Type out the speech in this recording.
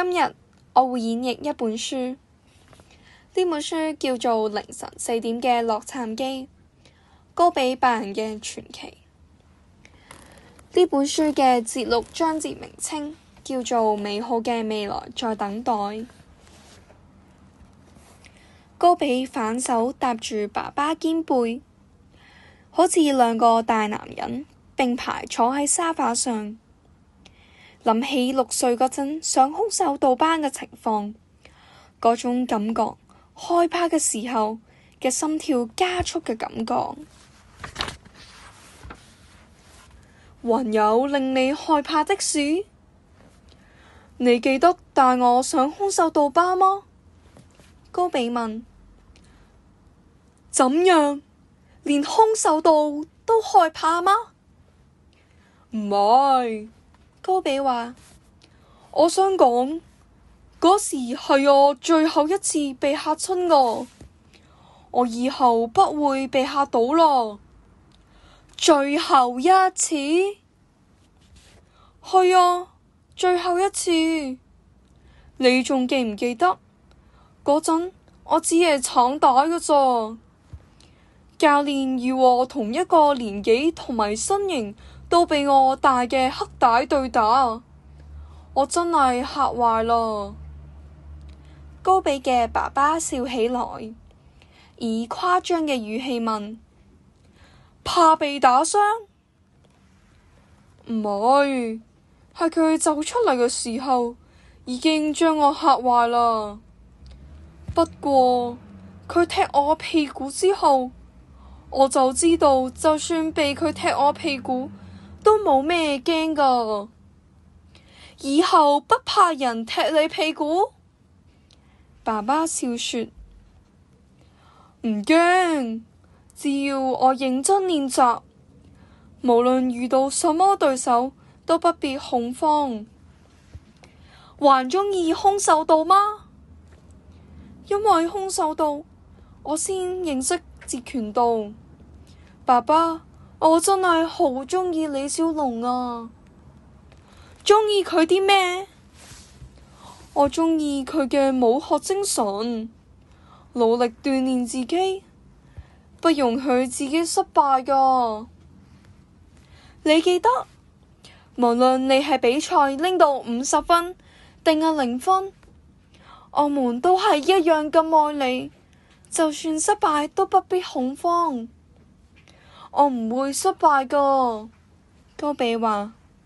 今日我會演繹一本書，呢本書叫做《凌晨四點嘅洛杉磯：高比拜仁嘅傳奇》。呢本書嘅節錄章節名稱叫做《美好嘅未來在等待》。高比反手搭住爸爸肩背，好似兩個大男人並排坐喺沙發上。諗起六歲嗰陣上空手道班嘅情況，嗰種感覺，害怕嘅時候嘅心跳加速嘅感覺，還有令你害怕的事，你記得帶我上空手道班嗎？高比問。怎樣？連空手道都害怕嗎？唔係。科比話：我想講嗰時係我最後一次被嚇親喎，我以後不會被嚇到啦。最後一次？係啊，最後一次。你仲記唔記得嗰陣我只係橙帶嘅咋？教練要我同一個年紀同埋身形。都被我大嘅黑帶對打，我真係嚇壞啦。高比嘅爸爸笑起來，以誇張嘅語氣問：怕被打傷？唔係，係佢走出嚟嘅時候已經將我嚇壞啦。不過佢踢我屁股之後，我就知道，就算被佢踢我屁股。都冇咩驚噶，以後不怕人踢你屁股？爸爸笑說：唔驚，只要我認真練習，無論遇到什麼對手，都不必恐慌。還鍾意空手道嗎？因為空手道，我先認識截拳道。爸爸。我真係好鍾意李小龍啊！鍾意佢啲咩？我鍾意佢嘅武學精神，努力鍛煉自己，不容許自己失敗㗎。你記得，無論你係比賽拎到五十分定係零分，我哋都係一樣咁愛你，就算失敗都不必恐慌。我唔會失敗噶，高比話。